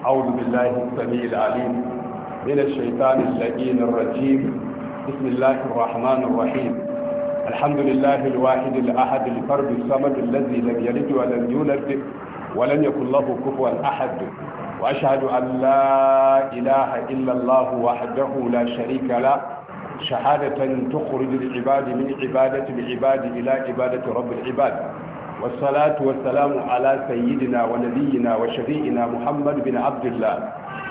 أعوذ بالله السميع العليم من الشيطان اللئيم الرجيم بسم الله الرحمن الرحيم الحمد لله الواحد الأحد الفرد الصمد الذي لم يلد ولم يولد ولم يكن له كفوا أحد وأشهد أن لا إله إلا الله وحده لا شريك له شهادة تخرج العباد من عبادة العباد إلى عبادة رب العباد wasalatu wasalamu ala sayyidina wa nabiyyina wa shafi'ina Muhammad bin Abdullah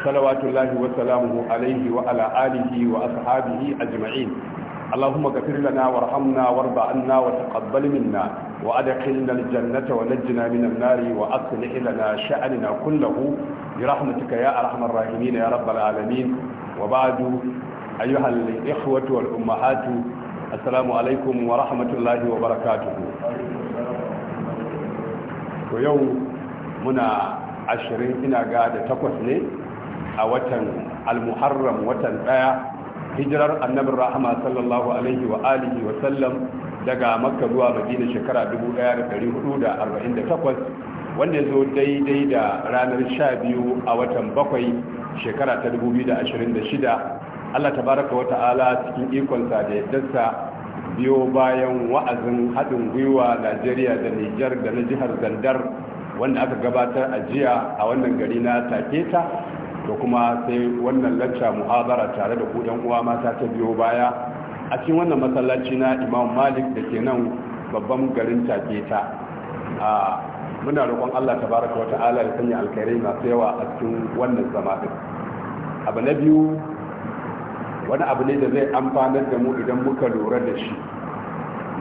salawatu lahi wa salamuhu alayhi wa ala alihi wa ashabihi ajma'in Allahumma ghafir lana warhamna warba wa taqabbal minna wa adkhilna al-jannata wa najjina minan nari wa aslih lana sha'nana kullahu bi rahmatika ya arhamar rahimin ya rabbal alamin wa ba'du ayyuha al-ikhwatu wal ummahatu assalamu alaykum wa rahmatullahi wa barakatuh yau muna ashirin ina ga da takwas ne a watan almuharram watan daya hijirar annabin rahama sallallahu alaihi wa alihi wa sallam daga makka zuwa madina shekara 1448 wanda ya zo daidai da ranar 12 a watan bakwai shekara ta 2026 allah baraka wa ta'ala cikin ikonsa da yaddarsa biyo bayan wa'azin haɗin gwiwa najeriya da nijar da na jihar zandar wanda aka gabatar a jiya a wannan gari na taketa da kuma sai wannan lacca muhabara tare da kudan uwa mata ta biyo baya a cikin wannan masallaci na imam malik da ke nan babban garin taketa a muna roƙon allah tabaraka wata ala ya sanya alkhairai masu yawa a cikin wannan zama abu na biyu wani abu ne da zai amfanar da mu idan muka lura da shi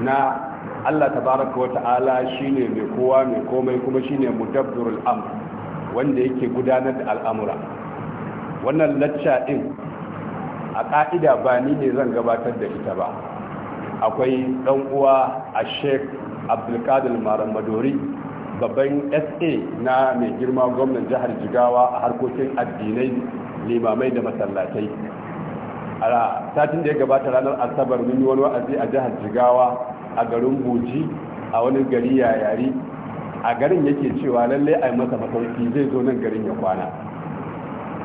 na Allah tabaraka wata'ala ne mai kowa mai komai kuma shi shine mudabbirul al'am wanda yake gudanar da al'amura wannan lacca ɗin a ƙa'ida ba ni ne zan gabatar da ita ba akwai ɗan uwa a Sheikh Abdulkadir madori babban SA na mai girma gwamnan jihar Jigawa a harkokin addinai limamai da masallatai a satin da ya gabata ranar asabar mun yi wani wa'azi a jihar jigawa a garin boji a wani gari yayari a garin yake cewa lallai a yi masa masauki zai zo nan garin ya kwana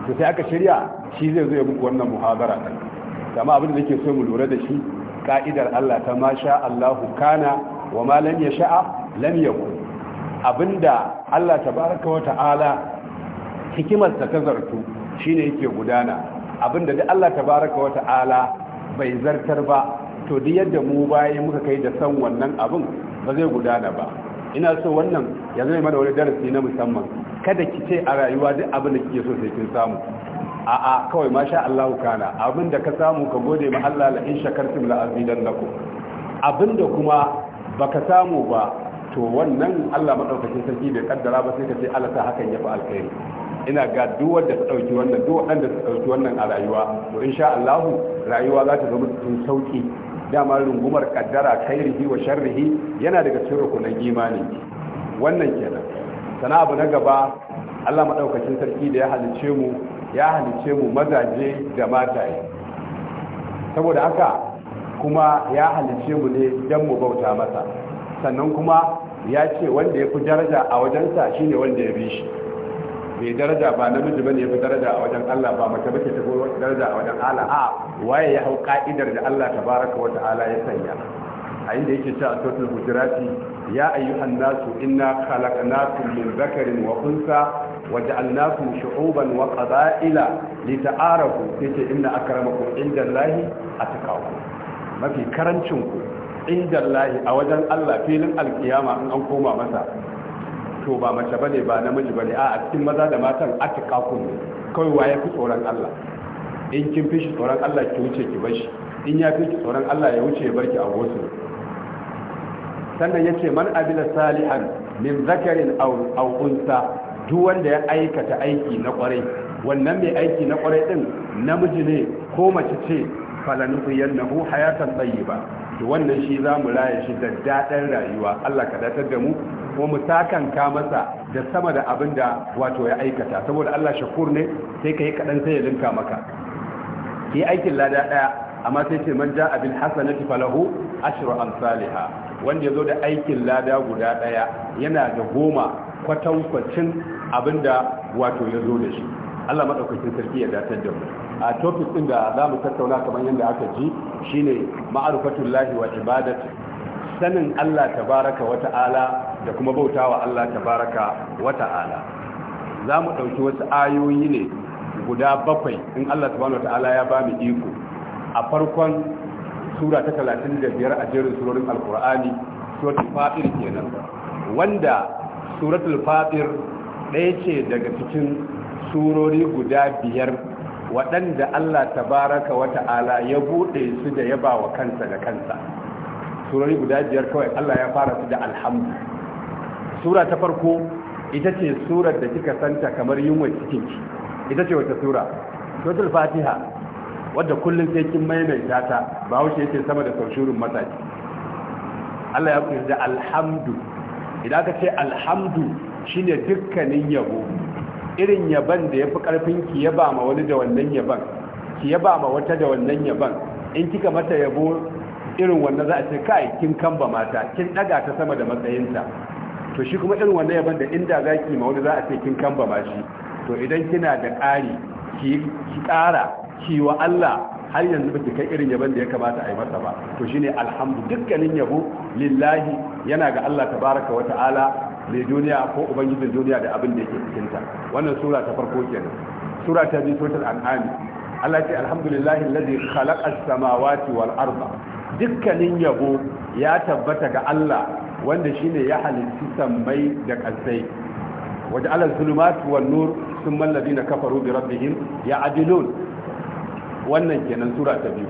to sai aka shirya shi zai zo ya muku wannan muhabara ɗin kama abin da nake so mu lura da shi ka'idar Allah ta ma sha Allahu kana wa ma lam lamyaku. lam yakun abinda Allah tabaraka wa ta'ala ta zartu shine yake gudana abinda da Allah tabaraka wa ta'ala bai zartar ba to duk yadda mu baya muka kai da san wannan abin ba zai gudana ba ina so wannan ya zama mana wani darasi na musamman kada ki ce a rayuwa duk abin da kike so sai kin samu a'a kawai masha Allah kana abin da ka samu ka gode ma Allah la in shakartum la azidan lakum abin da kuma baka samu ba to wannan Allah madaukakin sarki bai kaddara ba sai ka ce Allah ta hakan ya fi alkhairi ina ga duwar da ta ɗauki wannan duk da ta ɗauki wannan a rayuwa to insha allahu rayuwa za ta zama cikin sauki dama rungumar kaddara kairihi wa sharrihi yana daga cikin rukunan imani wannan kenan sana abu na gaba Allah madaukakin sarki da ya halice mu ya halice mu mazaje da mataye saboda haka kuma ya halice mu ne dan mu bauta masa sannan kuma ya ce wanda ya fi daraja a wajensa shine wanda ya bi shi Bai daraja ba namiji bane ya fi daraja a wajen Allah ba mace bace ta fi daraja a wajen Allah a waye ya hau ka'idar da Allah tabaraka wa ta'ala ya sanya a inda yake cewa suratul hujurati ya ayyuhan nasu inna khalaqnakum min dhakarin wa unsa wa ja'alnakum shu'uban wa qaba'ila lita'arafu yace inna akramakum indallahi atqakum mafi karancin ku indallahi a wajen Allah filin alkiyama in an koma masa to ba mace bane ba namiji bane a cikin maza da matan atqakum ne wa waye fi tsoron Allah in kin fi shi tsoron Allah ki wuce ki bar shi in ya fi tsoron Allah ya wuce ya barki a wasu sannan yace man abila salihan min zakarin aw aw unsa duk wanda ya aikata aiki na kwarai wannan mai aiki na kwarai din namiji ne ko mace ce falanuhu yannahu hayatan tayyiba to wannan shi za mu raya shi da daɗin rayuwa Allah ka datar da mu kuma mu takanka masa da sama da abin da wato ya aikata saboda Allah shakur ne sai ka yi kaɗan sai ya linka maka yi aikin lada ɗaya amma sai ce man ja abin hasanati falahu ashru saliha wanda ya zo da aikin lada guda ɗaya yana da goma kwatankwacin abin da wato ya zo da shi Allah madaukakin sarki ya datar da mu a topic ɗin da za mu tattauna kamar yadda aka ji shine lahi wa ibadatu sanin Allah tabaraka wa ta'ala da kuma bautawa Allah tabaraka wa ta'ala za mu ɗauki wasu ayoyi ne guda bakwai in Allah subhanahu wa ta'ala ya ba mu iko a farkon sura ta 35 a jerin surorin alkur'ani suratul fatir kenan wanda suratul fatir ɗaya ce daga cikin surori guda biyar waɗanda Allah tabaraka wa ta'ala ya buɗe su da yaba wa kansa da kansa surori guda biyar kawai Allah ya fara su da alhamdu sura ta farko ita ce surar da kika santa kamar yunwa cikin ki ita ce wata sura suratul fatiha wadda kullum sai kin maimaita ta ba wuce yake sama da saushurin mataki Allah ya kusa da alhamdu idan ka ce alhamdu shine dukkanin yabo irin yaban da ya fi ƙarfin ki ya ba ma wani da wannan yaban ki ya ba ma wata da wannan yaban in kika mata yabo irin wannan za a ce kai kin kamba mata kin daga ta sama da matsayinta to shi kuma irin wannan yaban da inda za ki ma wani za a ce kin kamba ma shi to idan kina da ƙari ki ƙara ki wa Allah har yanzu ki kai irin yaban da ya kamata a yi masa ba to shine alhamdu dukkanin yabo lillahi yana ga Allah tabaraka wa ta'ala mai duniya ko ubangijin duniya da abin da yake cikinta wannan sura ta farko kenan sura ta biyu suratul an'am Allah ce alhamdulillahi alladhi khalaqa as-samawati wal arda dukkanin yabo ya tabbata ga Allah wanda shine ya halitta sammai da kasai waje alal zulumat wan nur thumma alladhina kafaru bi rabbihim ya'dilun wannan kenan sura ta biyu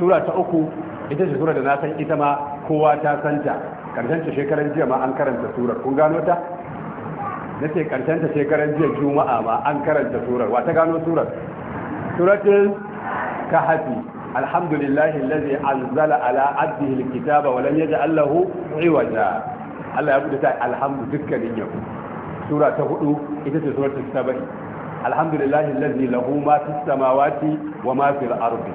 sura ta uku ita ce sura da na san ita ma kowa ta santa karshen ta shekaran jiya ma an karanta surar kun gano ta na ce karshen ta shekaran jiya juma'a ma an karanta surar wata gano surar suratul kahfi alhamdulillahi allazi anzala ala abdihi kitaba wa lam yaj'al allahu iwaja Allah ya bude ta alhamdu dukkanin yabo sura ta hudu ita ce suratul sabai alhamdulillahi allazi lahu ma fis samawati wa ma fil ardi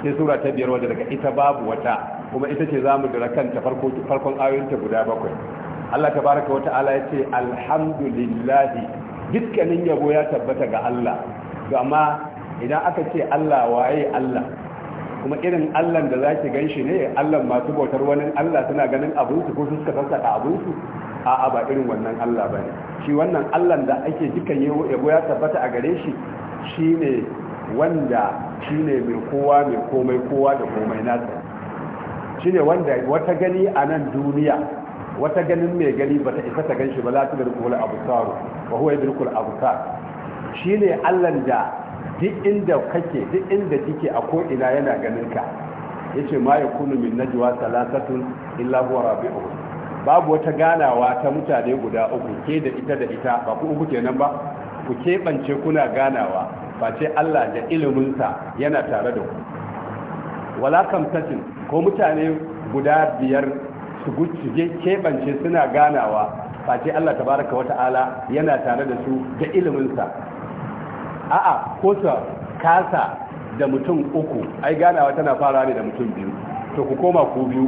sai sura ta biyar wadda daga ita babu wata kuma ita ce za mu dira kanta farkon ayoyinta guda bakwai Allah Ta tabaraka ala ya ce alhamdulillahi dukkanin yabo ya tabbata ga Allah amma idan aka ce Allah waye Allah kuma irin Allah da zaki ganshi ne Allah masu bautar wani Allah suna ganin su? ko suka su 'a a'a ba irin wannan Allah bane shi wannan Allah da ake dukkan yabo ya tabbata a gare shi shine wanda shine mai kowa mai komai kowa da komai nasa shine wanda wata gani a nan duniya wata ganin mai gani ba ta isa ta ganshi ba za ta abu tsaro. Ba huwa yadrikul shi ne Allah da duk inda kake duk inda kike a koina yana ganin ka Ya ce ma yakunu min najwa salasatun illa huwa rabi'u. babu wata ganawa ta mutane guda uku ke da ita da ita ba ku uku kenan ba ku keɓance kuna ganawa face Allah da iliminsa yana tare da ku wala kamtatin ko mutane guda biyar su guje keɓance suna ganawa face Allah tabaraka wa ta'ala yana tare da su da iliminsa a'a ko su kasa da mutum uku ai ganawa tana fara ne da mutum biyu to ku koma ku biyu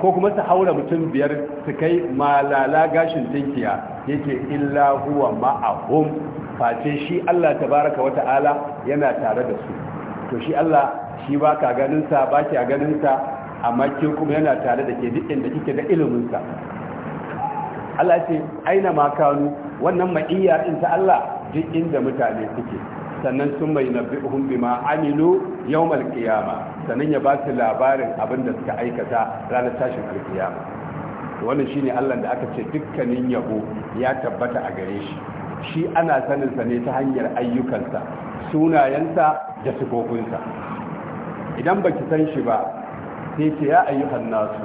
ko kuma su haura mutum biyar su kai malala gashin tinkiya yake illa huwa ma'ahum face shi Allah tabaraka wa ta'ala yana tare da su to shi Allah shi ba ka ganin sa ba ki a ganin sa amma ke kuma yana tare da ke duk inda kike da ilimin Allah ce aina ma kanu wannan maiya din ta Allah duk inda mutane suke sannan sun mai nabi'uhum bima amilu yawmal qiyama sannan ya ba su labarin abin da suka aikata ranar tashin alkiyama wannan shine Allah da aka ce dukkanin yabo ya tabbata a gare shi shi ana saninsa ne ta hanyar ayyukansa sunayensa da sifofinsa idan baki san shi ba sai ce ya ayyuhan nasu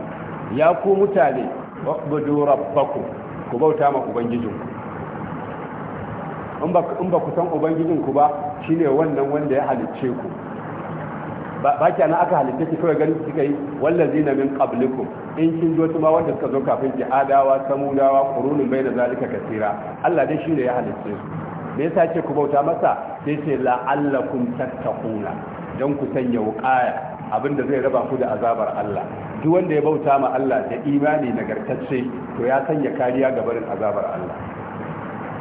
ya ku mutane waqbudu rabbakum ku bauta ma ubangijinku in ba ku san ubangijinku ba shine wannan wanda ya halicce ku ba ki ana aka halitta ki kawai ganin kika yi wallan na min qablikum in kin zo tuma wanda suka zo kafin ki adawa samudawa qurunun bayna zalika Kasira. Allah dai shine ya halicce su me yasa ce ku bauta masa sai ce la'allakum tattaquna don ku sanya wuƙaya abinda zai raba ku da azabar Allah duk wanda ya bauta ma Allah da imani nagartacce to ya sanya kariya ga barin azabar Allah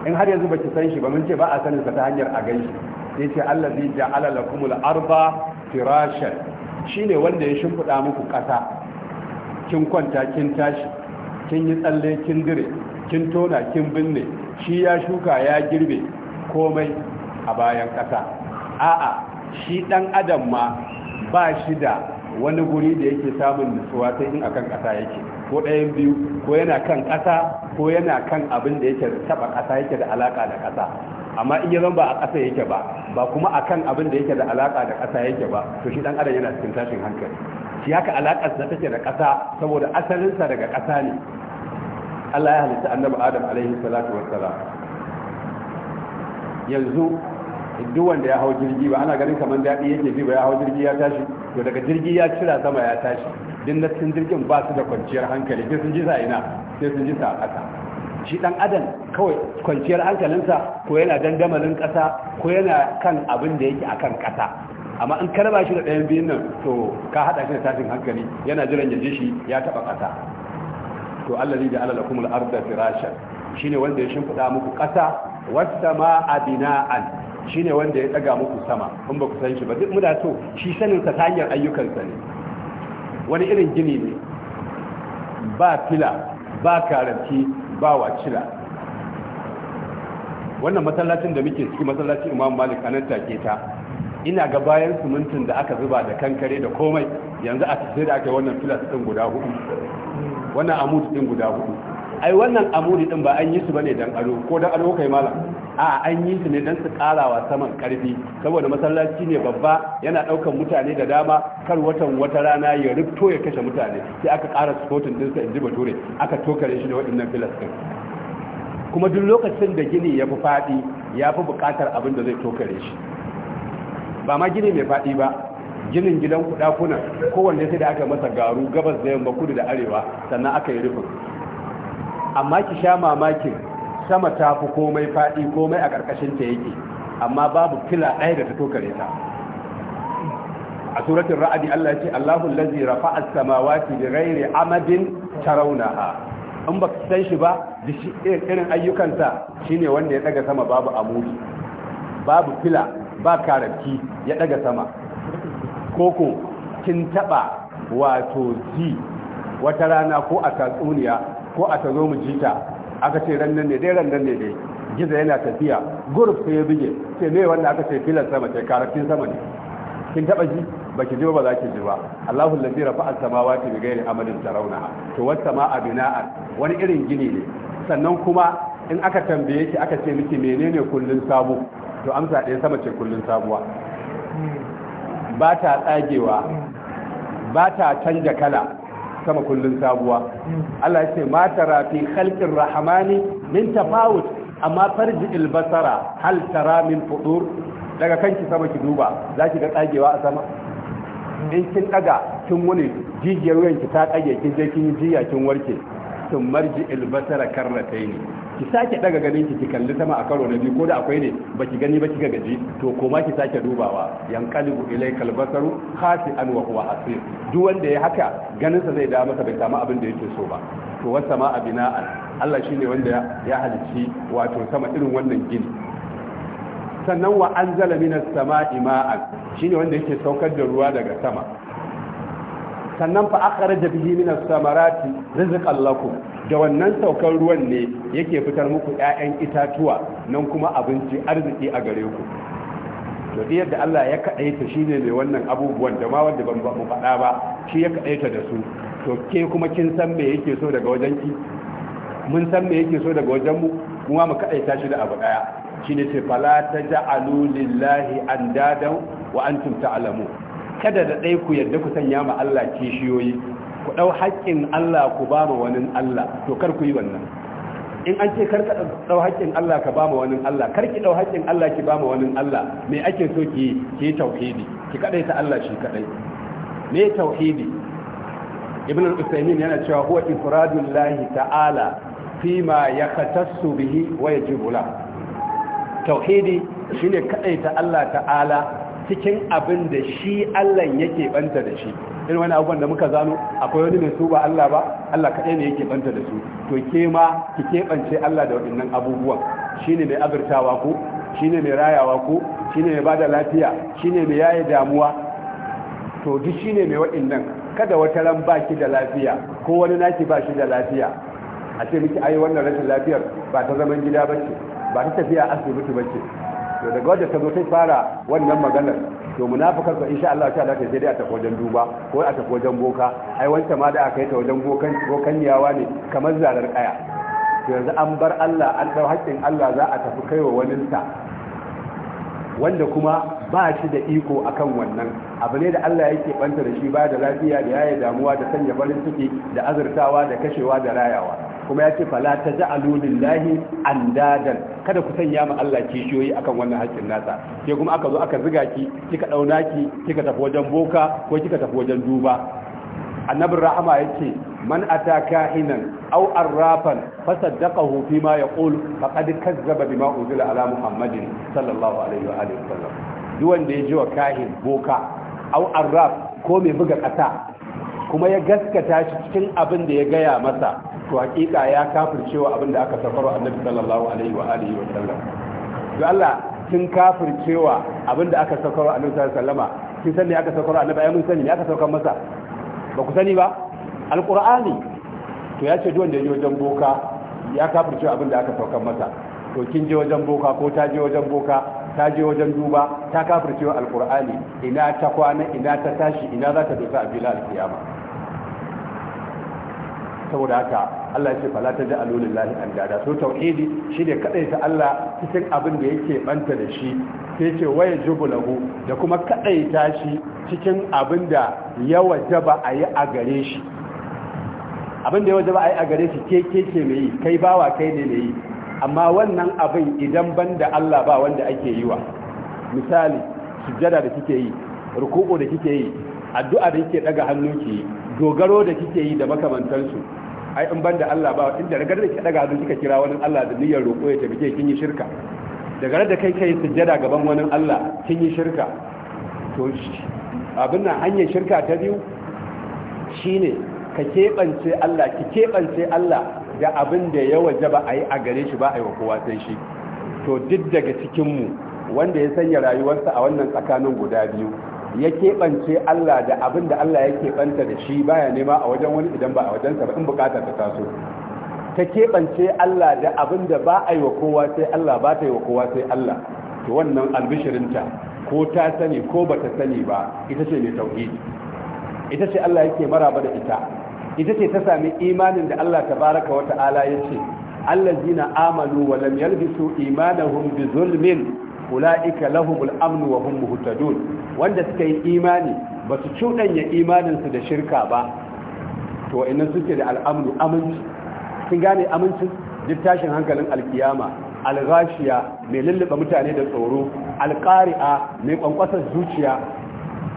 in har yanzu baki san shi ba mun ce ba a sanin sa ta hanyar a gaishe. sai ce Allah zai ja'ala lakumul arda firashan shine wanda ya shimfida muku kasa kin kwanta kin tashi kin yi tsalle kin dire kin tona kin binne shi ya shuka ya girbe komai a bayan kasa a'a shi ɗan adam ma ba shi da wani guri da yake samun nutsuwa sai in akan ƙasa yake ko ɗayan biyu ko yana kan ƙasa ko yana kan abin da yake taɓa ƙasa yake da alaƙa da ƙasa amma in ya ba a ƙasa yake ba ba kuma a kan abin da yake da alaƙa da ƙasa yake ba to shi ɗan adam yana cikin tashin hankali shi haka alaƙar da take da ƙasa saboda asalinsa daga ƙasa ne Allah ya halitta annabi Adam alaihi salatu wassalam yanzu duk wanda ya hau jirgi ba ana ganin kamar daɗi yake zai ba ya hau jirgi ya tashi to daga jirgi ya cira sama ya tashi din na cikin jirgin ba su da kwanciyar hankali sai sun ji sa ina sai sun ji sa a ƙasa shi ɗan adam kawai kwanciyar hankalinsa ko yana dandamalin ƙasa ko yana kan abin da yake akan ƙasa amma in karba shi da ɗayan biyun nan to ka haɗa shi da tashin hankali yana jiran ya ji shi ya taɓa ƙasa to Allah ne da Allah lakumul arda firashan shine wanda ya shimfida muku ƙasa wasama ma a bina'an Shi ne wanda ya daga muku sama in ba ku san shi ba duk muna so shi sanin sa ta hanyar ayyukansa ne wani irin gini ne ba fila ba karanti ba wacila wannan masallacin da muke ciki masallacin imam malik a nan take ta ina ga bayan sumuntin da aka zuba da kankare da komai yanzu a tafiye da aka yi wannan filas ɗin guda hudu wannan amudu ɗin guda hudu ai wannan amudu ɗin ba an yi su bane dan ado ko dan ado kai malam a an yi su ne don su karawa saman karfi saboda masallaci ne babba yana daukan mutane da dama kar watan wata rana ya rifto ya kashe mutane sai aka kara sporting dinsa in ji bature aka tokare shi da waɗannan filas kuma duk lokacin da gini ya fi faɗi ya fi buƙatar abin da zai tokare shi ba ma gini mai faɗi ba ginin gidan kuna kowanne sai da aka masa garu gabas da yamma kudu da arewa sannan aka yi rufin amma ki sha mamakin sama ta fi komai faɗi komai a ƙarƙashin ta yake amma babu fila ɗaya da ta tokare ta a suratin ra'adi Allah ce Allahu allazi rafa'a as-samawati bighairi amadin tarawnaha in ba san shi ba irin ayyukansa shine wanda ya daga sama babu amuri babu fila ba karabki ya daga sama koko kin taɓa wato ji wata rana ko a tatsuniya ko a tazo mu jita aka ce rannan ne dai rannan ne dai gizo yana tafiya guruf sai ya buge sai mai wanda aka ce filan sama ce karafin sama ne kin taba ji ba ki ji ba za ki ji ba Allahu allazi rafa'a samawati bi ghairi amalin tarawna to wata sama'a abina'an wani irin gini ne sannan kuma in aka tambaye ki aka ce miki menene kullun Sabu to amsa ɗaya sama ce kullun sabuwa hmm. ba ta tsagewa hmm. ba ta canja kala Sama kullum sabuwa Allah ya ce mata rafi fi khalqir rahmani min tafawut amma farji ilbasara, hal tara min fudur daga kanki sama ki duba zaki ga tsagewa a sama in kin daga kin wani jijiyar wuyanki ta tsage kin je kin jiya kin warke sun marji albasara karrataini ki sake daga ganin ki ki kalli sama a karo na biyu ko da akwai ne baki gani ba kika gaji to koma ki sake dubawa ilai kalbasaru khasi an wa huwa asir duk wanda ya haka ganin sa zai da masa bai samu abin da yake so ba to wasama binaan, Allah shine wanda ya halicci wato sama irin wannan gini sannan wa anzala minas sama'i ma'an shine wanda yake saukar da ruwa daga sama sannan fa akhraja bihi minas samarati rizqan lakum da wannan saukar ruwan ne yake fitar muku 'ya'yan itatuwa nan kuma abinci arziki a gare ku to da yadda Allah ya kaɗaita shi ne mai wannan abubuwan da ma wanda ban mu faɗa ba shi ya kaɗaita da su to ke kuma kin san me yake so daga wajen ki mun san me yake so daga wajen mu kuma mu kaɗaita shi da abu ɗaya shi ne ce fala ta ja'alu lillahi andadan wa antum ta'lamu kada da ɗai ku yadda ku sanya ma Allah kishiyoyi ku ɗau haƙƙin Allah ku ba ma wani Allah to kar ku yi wannan in an ce kar ka ɗau haƙƙin Allah ka ba ma wani Allah kar ki ɗau haƙƙin Allah ki ba ma wani Allah me ake so ki ki tauhidi ki kadai ta Allah shi kadai me tauhidi ibn al-usaymin yana cewa huwa ifradul lahi ta'ala ma yakhatassu bihi wa yajibu la tauhidi shine kadai ta Allah ta'ala cikin abin da shi Allah yake banta da shi in wani abubuwan da muka zano akwai wani mai su ba Allah ba Allah kaɗai ne yake banta da su to ke ma ki keɓance Allah da waɗannan abubuwan shine mai azurtawa ko shine mai rayawa ko shine mai bada lafiya shine mai yaye damuwa to duk shine mai waɗannan kada wata ran baki da lafiya ko wani naki ba shi da lafiya a ce miki ai wannan rashin lafiyar ba ta zaman gida ba ce, ba ta tafiya asibiti ba ce. to daga wajen ta zo ta fara wannan maganar to munafikar ko insha Allah ta dace sai dai a tafi wajen duba ko a tafi wajen boka ai wancan ma da aka yi ta wajen bokan bokan yawa ne kamar zarar kaya to yanzu an bar Allah an dau haƙƙin Allah za a tafi kaiwa wani sa wanda kuma ba shi da iko akan wannan abu ne da Allah yake banta da shi ba da lafiya da yaye damuwa da sanya farin ciki da azurtawa da kashewa da rayawa kuma ya ce fala ta ja'alu lillahi andadan kada ku sanya ma Allah kishiyoyi akan wannan haƙƙin nasa sai kuma aka zo aka ziga ki kika dauna ki kika tafi wajen boka ko kika tafi wajen duba annabin rahama yake man ata kahinan aw arrafan ya fima yaqul faqad kazzaba bima unzila ala muhammadin sallallahu alaihi wa alihi sallam duk wanda ya ji wa kahin boka aw arraf ko mai buga ƙasa. kuma ya gaskata shi cikin abin da ya gaya masa to hakika ya kafircewa abin da aka safarwa annabi sallallahu alaihi wa alihi wa sallam to Allah kin kafircewa abin da aka safarwa annabi sallallahu alaihi wa sallama kin san ne aka safarwa annabi ai mun sani ne aka saukar masa ba ku sani ba alqur'ani to ya ce duk wanda ya je wajen boka ya kafircewa abin da aka saukar masa to kin je wajen boka ko ta je wajen boka ta je wajen duba ta kafircewa alqur'ani ina ta kwana ina ta tashi ina za ta dosa a bilal kiyama saboda haka Allah ya ce fala ta ja'alu lillahi andada so tauhidi shi kadai ta Allah cikin abin da yake banta da shi sai ce waya jubulahu da kuma kadai ta shi cikin abin da ya wajaba a yi a gare shi abin da ya wajaba a yi a gare shi ke ke ke mai yi kai bawa kai ne mai yi amma wannan abin idan banda Allah ba wanda ake yi wa misali sujada da kike yi ruku'u da kike yi addu'a da kike daga hannu ki dogaro da kike yi da makamantansu ai in banda Allah ba inda daga da ke daga da kika kira wani Allah da niyyar roƙo ya tafi kin yi shirka daga da kai kai sujjada gaban wani Allah kin yi shirka to abin nan hanyar shirka ta biyu shine ka keɓance Allah ki kebance Allah da abin da ya waje ba a yi a gare shi ba a yi wa kowa sai shi to duk daga mu wanda ya sanya rayuwarsa a wannan tsakanin guda biyu ya keɓance Allah da abin da Allah ya keɓanta da shi baya nema a wajen wani idan ba a wajensa ba in bukata ta taso ta keɓance Allah da abin da ba a yi wa kowa sai Allah ba ta yi wa kowa sai Allah to wannan albishirinta ko ta sani ko ba ta sani ba ita ce mai tauhidi ita ce Allah yake maraba da ita ita ce ta sami imanin da Allah tabaraka wata ala ya ce allazina amanu wa lam yalbisu imanahum bi ula'ika lahumul amnu wa hum muhtadun wanda suka yi imani ba su cudanya imaninsu da shirka ba to wa'annan suke da al'amnu aminci sun gane amincin duk tashin hankalin alkiyama alghashiya mai lullube mutane da tsoro alqari'a mai kwankwasar zuciya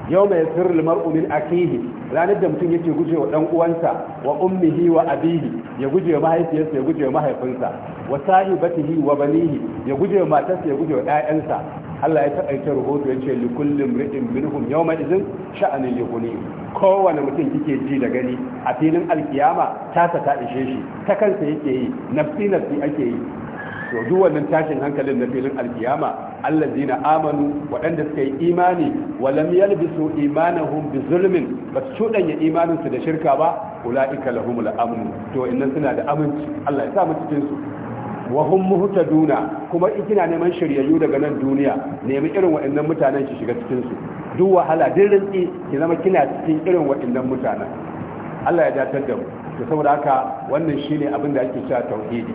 yau mai sirri mar'umin akihi ranar da mutum yake guje wa uwansa wa ummihi wa abihi ya guje wa mahaifiyarsa ya guje wa mahaifinsa wa sahibatihi wa banihi ya guje wa matarsa ya guje wa ɗayansa Allah ya taƙaita rahoto ya ce li kullum ri'in minhum mai idin sha'anin yughni kowane mutum kike ji da gani a filin alkiyama tasa ta ishe shi ta kansa yake yi nafsi nafsi ake yi to duk wannan tashin hankalin na filin alkiyama na amanu waɗanda suka yi imani wa lam yalbisu imanahum bi zulmin ba su cudanya imanin su da shirka ba ulaika lahumul amn to innan suna da aminci Allah ya sa mu cikin su wa hum muhtaduna kuma in neman shiryayyu daga nan duniya nemi irin waɗannan mutanen ki shiga cikin su duk wahala din rinki ki zama kina cikin irin waɗannan mutanen Allah ya datar da mu to saboda haka wannan shine abin da ake cewa tauhidi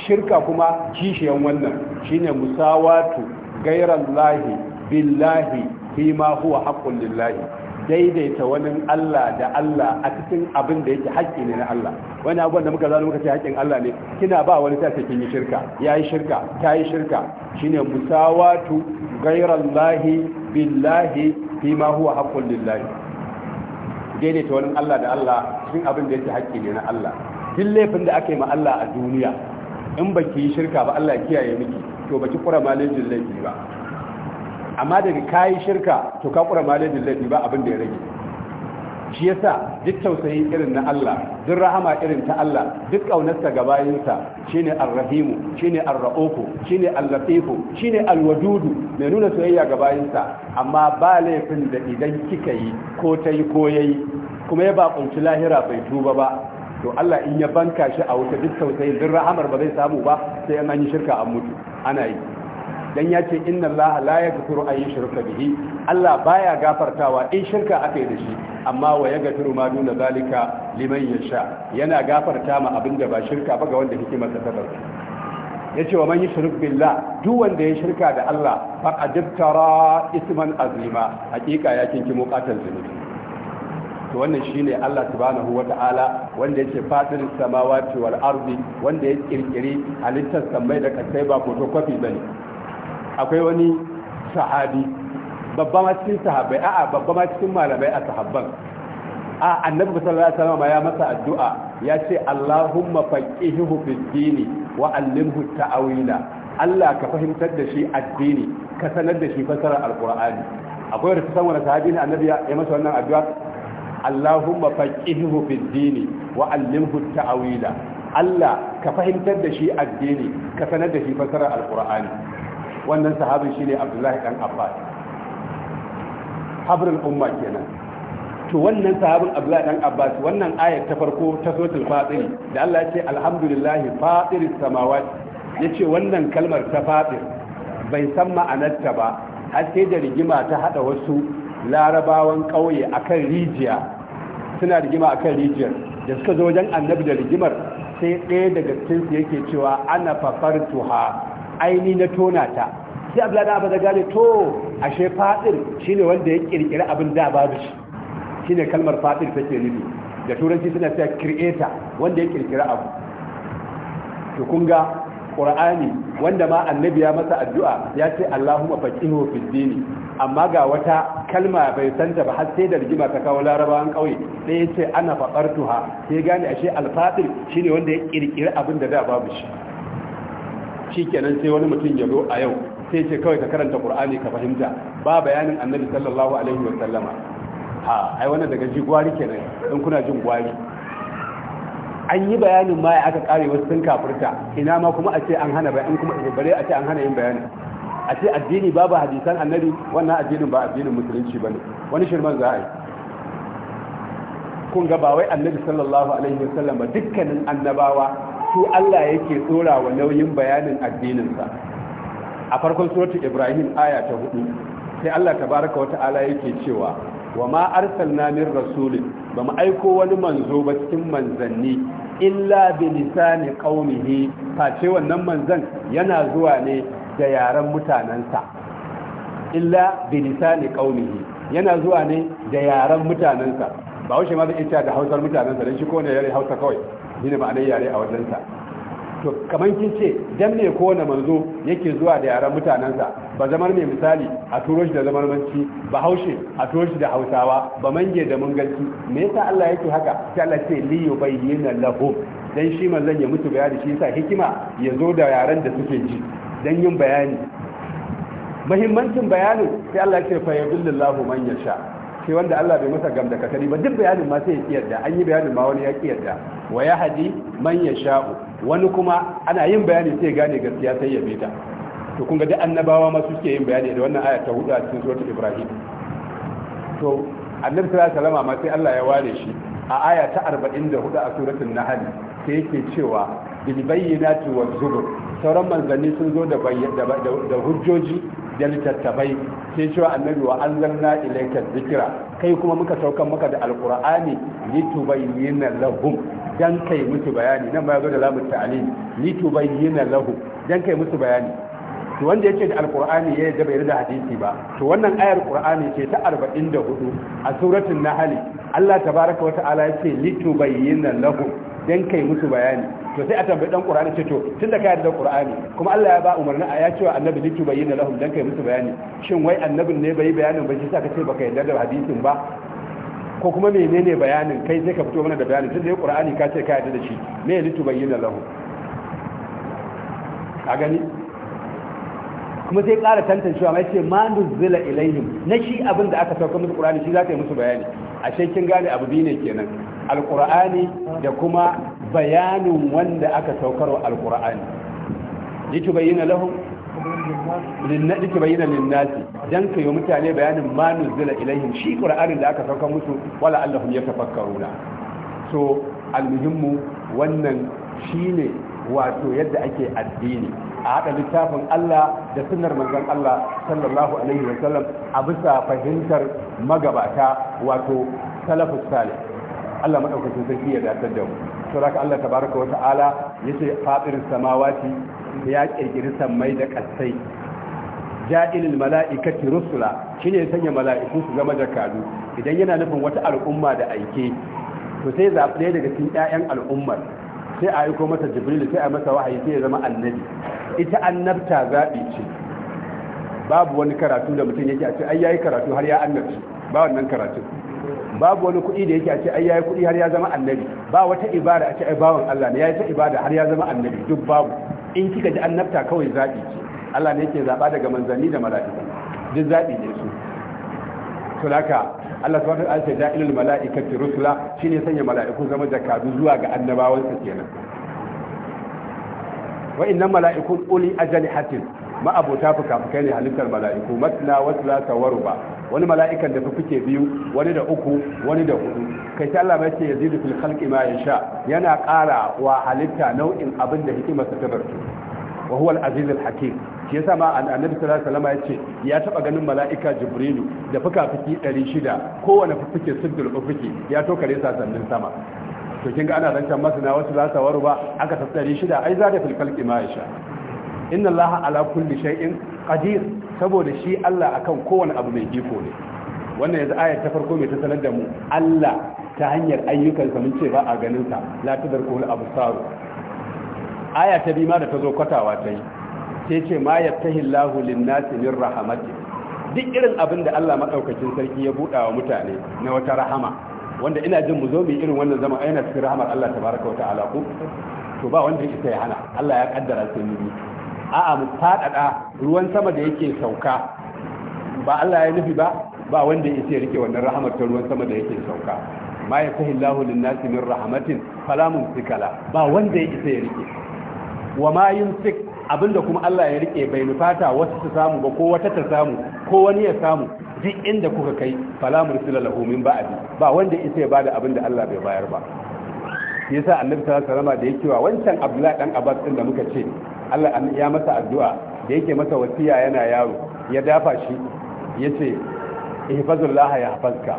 shirka kuma kishiyan wannan shine musawatu gairan lahi billahi fi ma huwa haqqun lillahi daidaita wani Allah da Allah a cikin abin da yake haƙƙi ne na Allah wani abin da muka zalo muka ce haƙƙin Allah ne kina ba wani ta cikin kin yi shirka yayi shirka tayi shirka shine musawatu gairan lahi billahi fi ma huwa haqqun lillahi daidaita wani Allah da Allah cikin abin da yake haƙƙi ne na Allah duk laifin da aka yi ma Allah a duniya in ba ki yi shirka ba Allah kiyaye miki to ba ki kura malajin laifi ba amma daga ka yi shirka to ka kura malajin laifi ba abin da ya rage shi yasa duk tausayi irin na Allah duk rahama irin ta Allah duk kaunarsa ga bayinsa shine arrahimu shine al-ra'uku, shine al al-latif shine al alwadudu mai nuna soyayya ga bayinsa amma ba laifin da idan kika yi ko ta yi ko yayi kuma ya ba ƙunshi lahira bai tuba ba to Allah in ya banka shi a wuta duk tausayin din rahamar ba zai samu ba sai an yi shirka an mutu ana yi dan ya ce inna Allah la yaghfiru an yushraka bihi Allah baya gafartawa in shirka aka yi da shi amma wa yaghfiru ma duna zalika liman yasha yana gafarta ma abinda ba shirka ba ga wanda yake masa sabar yace wa man yushrik billah duk wanda ya shirka da Allah faqad tara isman azima hakika ya kinki muqatal zunubi to wannan shine Allah subhanahu wata'ala wanda yake fadin samawati wal ardi wanda ya kirkiri halittar samai da kasai ba photocopy bane akwai wani sahabi babba ma cikin sahabbai a'a babba ma cikin malamai a sahabban a annabi sallallahu alaihi wasallam ya masa addu'a ya ce Allahumma faqihihu fid dini wa allimhu ta'awila Allah ka fahimtar da shi addini ka sanar da shi fasarar alqur'ani akwai wanda ta san wani sahabi ne annabi ya masa wannan addu'a Allahumma faqihhu fid dini wa allimhu ta'wila Allah ka fahimtar da shi addini ka sanar da shi fasarar alqur'ani wannan sahabin shine Abdullahi dan Abbas habrul umma kenan to wannan sahabin Abdullahi dan Abbas wannan ayar ta farko ta suratul fatir da Allah ya ce alhamdulillahi fatiris samawati yace wannan kalmar ta fatir bai san ma'anarta ba har sai da rigima ta hada wasu larabawan ƙauye kan rijiya suna rigima a kan rijiyar da suka zo wajen annabi da rigimar sai ɗaya daga cikinsu yake cewa ana fafar tuha aini na tona ta sai abdullahi da gane to ashe fadir shine wanda ya kirkiri abin da babu shi shine kalmar fadir take nufi da turanci suna cewa creator wanda ya kirkiri abu to kun ga qur'ani wanda ma annabi ya masa addu'a ya ce allahumma faqihu fid dini amma ga wata kalma bai santa ba har sai da rigima ta kawo larabawan ƙauye sai ya ce ana faɗar tuha sai gane ashe alfaɗin shine wanda ya ƙirƙiri abin da da babu shi shi kenan sai wani mutum ya zo a yau sai ce kawai ka karanta qur'ani ka fahimta ba bayanin annabi sallallahu alaihi wa sallama ha ai wannan daga ji gwari kenan in kuna jin gwari an yi bayanin ma ya aka kare wasu sun kafirta ina ma kuma a ce an hana bayan kuma bare a ce an hana yin bayanin a ce addini babu hadisan annabi wannan addinin ba addinin musulunci bane wani shirman za a yi kun ga ba wai annabi sallallahu alaihi wasallam ba dukkanin annabawa su Allah yake tsora wa nauyin bayanin addininsa a farkon suratul ibrahim aya ta hudu sai Allah tabaraka wa ta'ala yake cewa wa ma arsalna min rasulin ba mu aiko wani manzo ba cikin manzanni illa bi lisani qaumihi ce wannan manzan yana zuwa ne da yaren mutanensa illa bi lisani qaumihi yana zuwa ne da yaren mutanensa ba wai ma zai iya da hausar mutanensa dan shi ko ne yare hausa kawai shine ma'anar yare a wajensa to kaman kin ce dan me ko wani manzo yake zuwa da yaren mutanensa ba zamar mai misali a turo shi da zamar manci ba haushe a turo shi da hausawa ba mange da munganci. me yasa Allah yake haka sai Allah ce li yubayyana lahum dan shi manzon ya mutu bayani shi yasa hikima ya zo da yaren da suke ji don yin bayani mahimmancin bayanin sai Allah ya ce fa yadullahu man yasha sai wanda Allah bai masa gamda katari ba duk bayanin ma sai ya kiyarda an yi bayanin ma wani ya kiyarda wa ya hadi man yasha wani kuma ana yin bayani sai gane gaskiya sai ya bita to kun ga duk annabawa ma suke yin bayani da wannan aya ta hudu a cikin suratul ibrahim to annabi sallallahu alaihi wasallam ma sai Allah ya ware shi a aya ta 44 a suratul nahl sai yake cewa bil bayyinati wa zubur sauran manzanni sun zo da da hujjoji da littattafai sai cewa annabi wa anzalna ilayka dhikra kai kuma muka saukan maka da alqur'ani litubayyana lahum dan kai musu bayani nan ba zo da lamu ta'alim litubayyana lahum dan kai musu bayani to wanda yake da alqur'ani ya yadda bai da hadisi ba to wannan ayar qur'ani ce ta 44 a suratul nahl Allah tabaaraka wa ta'ala yace litubayyana lahum dan kai musu bayani to sai a tambayi dan qur'ani ce to tunda ka yarda da qur'ani kuma Allah ya ba umarni a ya cewa annabi litu bayyana lahum dan kai musu bayani shin wai annabin ne bai bayanin ba shi sa ka ce baka yarda da hadisin ba ko kuma menene bayanin kai sai ka fito mana da bayanin tunda ya qur'ani ka ce ka yarda da shi me litu bayyana lahum a gani kuma sai ƙara tantancewa mai ce ma nuzila ilaihim na shi abin da aka sauka musu qur'ani shi za ta yi musu bayani ashe kin gane abu biyu ne kenan alqur'ani da kuma bayanin wanda aka saukarwa alqur'ani litubayyana lahum linnadi ki bayyana linnasi dan kayo mutane bayanin ma nuzila ilaihim shi qur'anin da aka sauka musu wala allahum yatafakkaruna so almuhimmu wannan shine wato yadda ake addini a haɗa littafin Allah da sunnar manzon Allah sallallahu alaihi wa sallam a bisa fahimtar magabata wato salafus salih Allah madaukakin sarki ya dace da mu saboda Allah tabaraka wa ta'ala yace fatirin samawati ya kirkiri sammai da kasai ja'ilul mala'ikati rusula shine ya sanya mala'iku su zama jakadu idan yana nufin wata al'umma da aike to sai zaɓi daga cikin 'ya'yan al'ummar sai a aiko masa jibril sai a masa wahayi sai ya zama annabi ita annabta zaɓi ce babu wani karatu da mutum yake a ce ai yayi karatu har ya annabci ba wannan karatu babu wani kuɗi da yake a ce ai yayi kuɗi har ya zama annabi ba wata ibada a ce ai bawan Allah ne yayi ta ibada har ya zama annabi duk babu in kika ji annabta kawai zaɓi ce Allah ne yake zaɓa daga manzanni da mala'ika duk zaɓi ne su to laka Allah ta wata ta'ala da da'ilul mala'ikati rusula shine sanya mala'iku zama jakadu zuwa ga annabawansa kenan wa innan mala'ikun uli ajalihatin ma'abota fuka fuka ne halittar mala'iku matla wasla tawaru ba wani mala'ikan da fuke biyu wani da uku wani da hudu kai ta Allah mace ya da fil khalqi ma yasha yana ƙara wa halitta nau'in abin da hikimarsa ta barke wa huwa al-aziz hakim shi yasa ma annabi sallallahu alaihi wasallam ya ce ya taba ganin mala'ika jibrilu da fukafuki 600 kowane fufuke siddul ufuki ya tokare sasannin sama to kin ga ana zancan masana wasu za su ba aka ta shida ai za da ma kimayisha inna allaha ala kulli shay'in qadir saboda shi Allah akan kowane abu mai iko ne wannan yanzu ayar ta farko mai ta sanar da mu Allah ta hanyar ayyukansa mun ce ba a ganin sa la tadarku al absar aya ta bi ma da ta zo kwatawa ta yi sai ce ma yaftahillahu lin-nasi min rahmatin duk irin abin da Allah madaukakin sarki ya buɗa wa mutane na wata rahama wanda ina jin mu zo mu irin wannan zama aina cikin rahamar Allah tabaraka wa ta'ala ku to ba wanda yake ya hana Allah ya kaddara sai mu a'a mu fadada ruwan sama da yake sauka ba Allah ya nufi ba ba wanda yake rike wannan rahamar ta ruwan sama da yake sauka ma yafahillahu lin-nasi min rahamatin fala mumsikala ba wanda yake rike wa ma yumsik abinda kuma Allah ya rike bai nufata wasu ta samu ba ko wata ta samu ko wani ya samu duk inda kuka kai fala mursila lahu min ba'di ba wanda ita ya bada abinda Allah bai bayar ba yasa annabi sallallahu alaihi da yake wa wancan Abdullahi dan Abbas din da muka ce Allah ya masa addu'a da yake masa wasiya yana yaro ya dafa shi yace ya yahfazka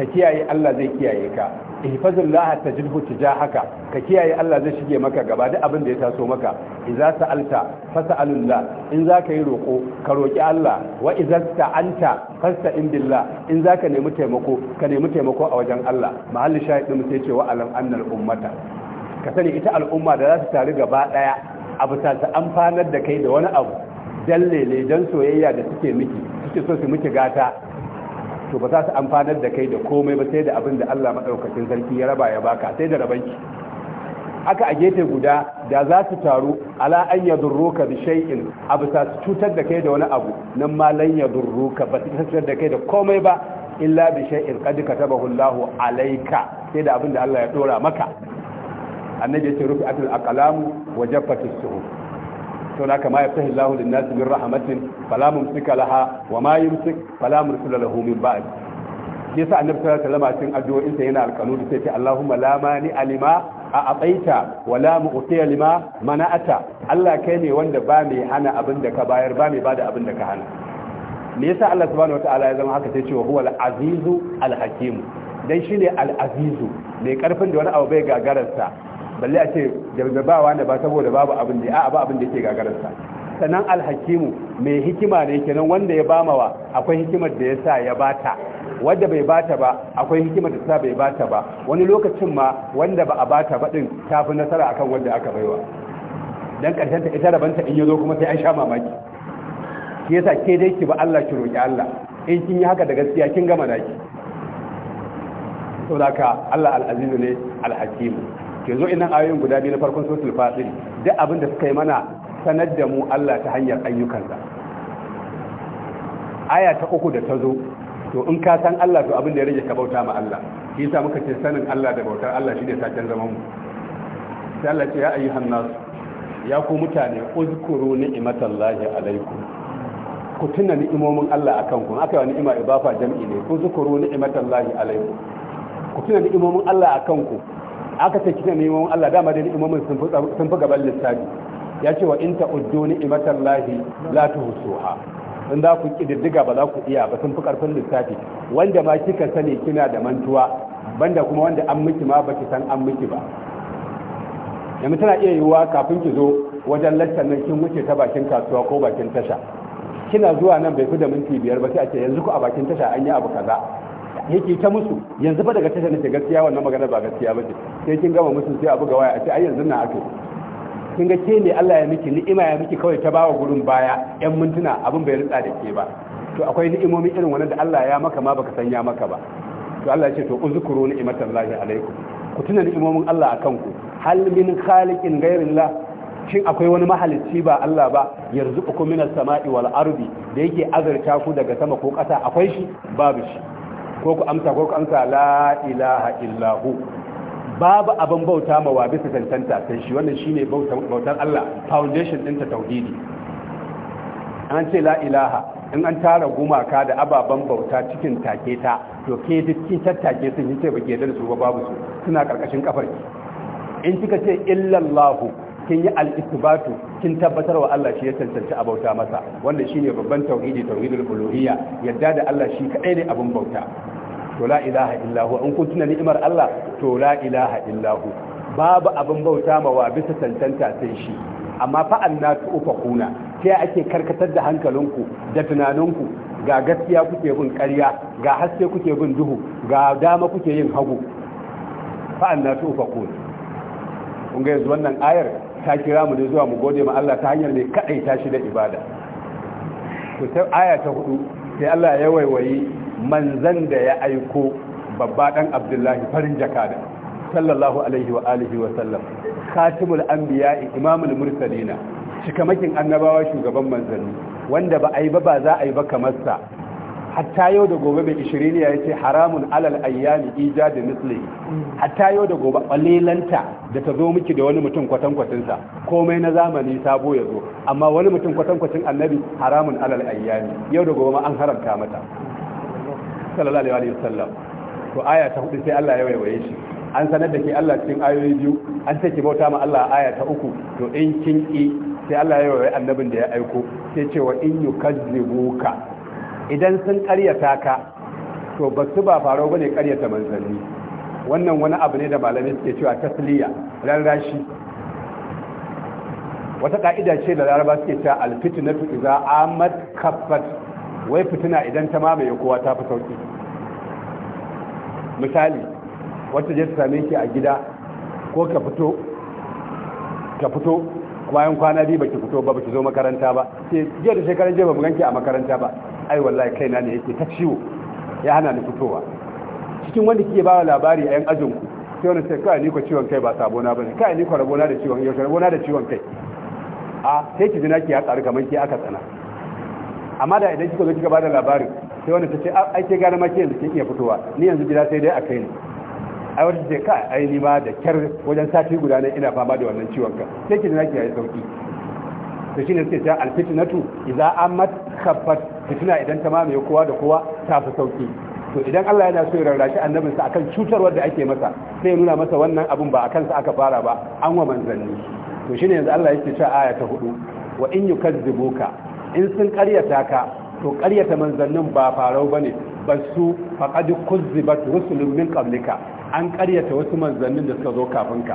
ka kiyaye Allah zai kiyaye ka ihfazillaha tajilhu haka ka kiyaye Allah zai shige maka gaba duk abin da ya taso maka idza sa'alta fas'alillah in zaka yi roko ka roki Allah wa idza sta'anta fasta'in billah in zaka nemi taimako ka nemi taimako a wajen Allah mahalli shahidin mu sai ce wa alam annal ummata ka sani ita al'umma da za su taru gaba daya abu ta ta amfanar da kai da wani abu dallele dan soyayya da suke miki suke so su miki gata to ba za su amfanar da kai da komai ba sai da abin da Allah maɗaukacin sarki ya raba ya baka sai da rabanki aka a gefe guda da za su taru ala an ya durruka bi shay'in abu sa su cutar da kai da wani abu nan ma lan ya durruka ba su cutar da kai da komai ba illa bi shay'in qad katabahu Allah alayka sai da abin da Allah ya dora maka annabi ya ce rufi atul aqlamu wa jaffatis suhuf saboda kama ya fahi lahu lin nasi min rahmatin fala mumsika laha wa ma yumsik fala mursila lahu min ba'd yasa annabi sallallahu alaihi wasallam addu'o'in sa yana alqanudi sai ce Allahumma la mani alima a aqaita wa la mu'tiya lima mana'ata Allah kai ne wanda ba mai hana abin da ka bayar ba mai bada abin da ka hana me yasa Allah subhanahu wataala ya zama haka sai ce wa huwa al-azizu al-hakim dan shine al-azizu mai karfin da wani abu bai gagararsa balle a ce jargabawa ne ba saboda babu abin da a'a ba abin da yake gagararsa sannan alhakimu mai hikima ne kenan wanda ya bamawa akwai hikimar da ya sa ya bata wanda bai bata ba akwai hikimar da ta bai bata ba wani lokacin ma wanda ba a bata ba din ta fi nasara akan wanda aka baiwa dan karshen ta ita rabanta in yazo kuma sai an sha mamaki shi yasa ke dai ki ba Allah ki roki Allah in kin yi haka da gaskiya kin gama daki saboda Allah al aziz ne al hakim yanzu inan ayoyin guda biyu na farkon suratul fatir duk abin da suka yi mana sanar da mu Allah ta hanyar ayyukansa aya ta uku da ta zo to in ka san Allah to abin da ya rage ka bauta ma Allah shi yasa muka ce sanin Allah da bautar Allah shine sakin zaman mu sai Allah ce ya ayyuhan nas ya ku mutane uzkuru ni'matallahi alaikum ku tuna ni'imomin Allah akan ku aka yi ni'ima ibafa jam'i ne ku zukuru ni'matallahi alaikum ku tuna ni'imomin Allah akan ku aka ce kina neman Allah dama da ni'imomin sun fi gaban lissafi ya ce wa in ta ni'imatan lahi la tuhsuha in za ku kididdiga ba za ku iya ba sun fi karfin lissafi wanda ma kika sani kina da mantuwa banda kuma wanda an miki ma baki san an miki ba yanzu tana iya yiwuwa kafin ki zo wajen lantar nan kin wuce ta bakin kasuwa ko bakin tasha kina zuwa nan bai fi da minti biyar ba sai a ce yanzu ku a bakin tasha an yi abu kaza yake ta musu yanzu fa daga tashar nake gaskiya wannan magana ba gaskiya ba ce sai kin gama musu sai abu ga waya a ce ai yanzu na ake kin ga ke ne Allah ya miki ni'ima ya miki kawai ta bawa gurin baya yan mintuna abin bai rutsa da ke ba to akwai ni'imomi irin wannan da Allah ya maka ma baka san ya maka ba to Allah ya ce to uzkuru ni'matallahi alaikum ku tuna ni'imomin Allah akan ku hal min khaliqin ghairillah shin akwai wani mahalicci ba Allah ba yarzuqukum minas sama'i wal ardi da yake azurta ku daga sama ko ƙasa akwai shi babu shi ko ku amsa ko ku amsa la ilaha illahu babu abin bauta ma wa bisa tantanta sai shi wannan shine bautar Allah foundation ta tauhidi an ce la ilaha in an tara gumaka da ababen bauta cikin take ta to ke dukki tattake sun yi ce ke da su ba babu su suna karkashin kafar in kika ce illallahu kin yi al kin tabbatar wa Allah shi ya tantance a bauta masa wanda shi ne babban tauhidi tauhidul uluhiyya yadda da Allah shi kadai ne abun bauta to la ilaha illahu hu kun tuna ni'imar Allah to la ilaha illahu babu abin bauta ma wa bisa tantanta sai shi amma fa annatu ufakuna sai ake karkatar da hankalinku da tunaninku ga gaskiya kuke bin ƙarya ga haske kuke bin duhu ga dama kuke yin hagu fa annatu tufa kun ga yanzu wannan ayar ta kira mu ne zuwa mu gode ma Allah ta hanyar ne kadai ta shi da ibada to sai aya ta hudu sai Allah ya waiwayi manzan da ya aiko babba dan Abdullahi farin jakada sallallahu alaihi wa alihi wa sallam khatimul anbiya imamul mursalina cikamakin annabawa shugaban manzanni wanda ba a ba ba za a yi ba kamar sa hatta yau da gobe mai ishirini ya ce haramun alal ayyami ija da misli hatta yau da gobe kwalelanta da ta zo miki da wani mutum kwatankwacinsa komai na zamani sabo ya zo amma wani mutum kwatankwacin annabi haramun alal ayyami yau da gobe ma an haramta mata sallallahu alaihi wasallam to aya ta hudu sai Allah ya waiwaye shi an sanar da ke Allah cikin ayoyi biyu an ce ki bauta ma Allah aya ta uku to in kin ki sai Allah ya waiwaye annabin da ya aiko sai cewa in yukazzibuka idan sun karyata ka to ba su ba faro bane karyata manzanni wannan wani abu ne da malamai suke cewa tasliya rarrashi wata ka'ida ce da laraba suke cewa alfitnatu idza amat kaffat wai fitina idan ta mamaye kowa ta fi sauki misali wata je ta same ki a gida ko ka fito ka fito bayan kwana biyu baki fito ba baki zo makaranta ba sai jiya da shekaran jiya ba mu ganki a makaranta ba ai wallahi kaina ne yake ta ciwo ya hana ni fitowa cikin wanda kike ba labari a yan ajin ku sai wani sai kai ni ko ciwon kai ba sabo na bane kai ni ko rabona da ciwon yau rabona da ciwon kai a sai ki jina ki ya tsari kamar ki aka tsana amma da idan kika zo kika ba da labari, sai wani ta ce ai ke gane ma ke yanzu kin iya fitowa ni yanzu gida sai dai a kai ni ai wata ce ka ai ni ma da kyar wajen sati guda ne ina fama da wannan ciwon ka sai ki jina ki ya sauki to shine suke cewa alfitnatu idza amat khaffat fitna idan ta mamaye kowa da kowa ta fi sauki to idan Allah yana so ya rarrashi annabin sa akan cutarwar da ake masa sai ya nuna masa wannan abun ba akan sa aka fara ba an wa manzanni to shine yanzu Allah yake cewa aya ta hudu wa in yukazzibuka in sun karyata ka to karyata manzannin ba farau bane bas su faqad kuzzibat rusulun min qablika an ƙaryata wasu manzannin da suka zo kafin ka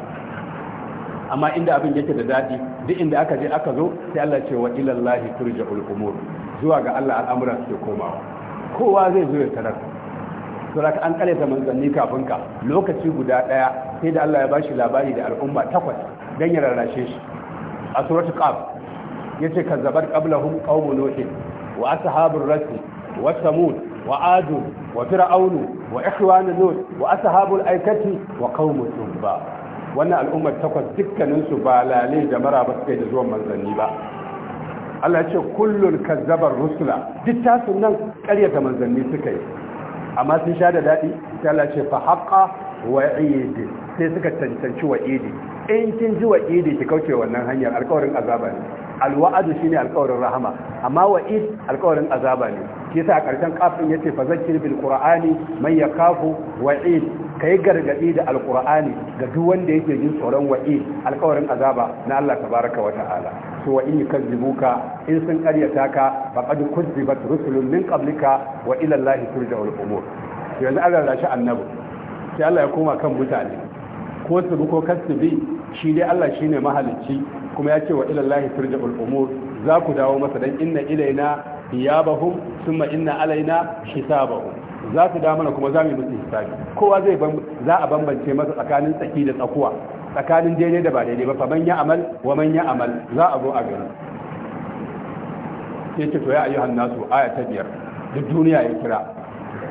amma inda abin yake da daɗi duk inda aka je aka zo sai Allah ce wa ilallahi turja'ul umur zuwa ga Allah al'amura su komawa kowa zai zo ya tarar saboda an kare zaman manzanni kafin ka lokaci guda daya sai da Allah ya bashi labari da al'umma takwas dan ya rarrashe shi a suratul qaf yace kazzabat qablahum qaumun nuh wa ashabur rasul wa samud wa adu wa fir'aunu wa ikhwanu lut wa ashabul aikati wa qaumun tubba wannan al'ummar takwas dukkaninsu ba lalai da mara ba suka da zuwan manzanni ba Allah ya ce kullun kazzabar rusula duk tasun nan da manzanni suka yi amma sun sha da daɗi sai Allah ce fa haqqa wa idi sai suka cancanci wa idi in kin ji wa idi ki kauce wannan hanyar alƙawarin azaba ne alwa'adu shine alƙawarin rahama amma wa'id alƙawarin azaba ne Ke sa a ƙarshen kafin yace fa zakkir bil qur'ani man yakafu wa'id kai gargadi da alqur'ani ga duk wanda yake jin tsoron wa'id alƙawarin azaba na Allah tabaaraka wa ta'ala to wa in yukazzibuka in sun ƙaryata ka faqad kuzzibat rusulun min qablika wa ila Allah turja'ul umur yanzu an rarrashi annabi sai Allah ya koma kan mutane ko su bi ko kasu bi shi dai Allah shine mahalicci kuma ya ce wa ilallahi turja'ul umur za ku dawo masa dan inna ilaina iyabahum thumma inna alaina hisabahum za su dawo mana kuma za mu yi musu hisabi kowa zai za a bambance masa tsakanin tsaki da tsakuwa tsakanin daidai da ba daidai ba faman ya amal wa man ya amal za a zo a gani yace to ya ayyuhan nasu aya ta biyar duk duniya ya kira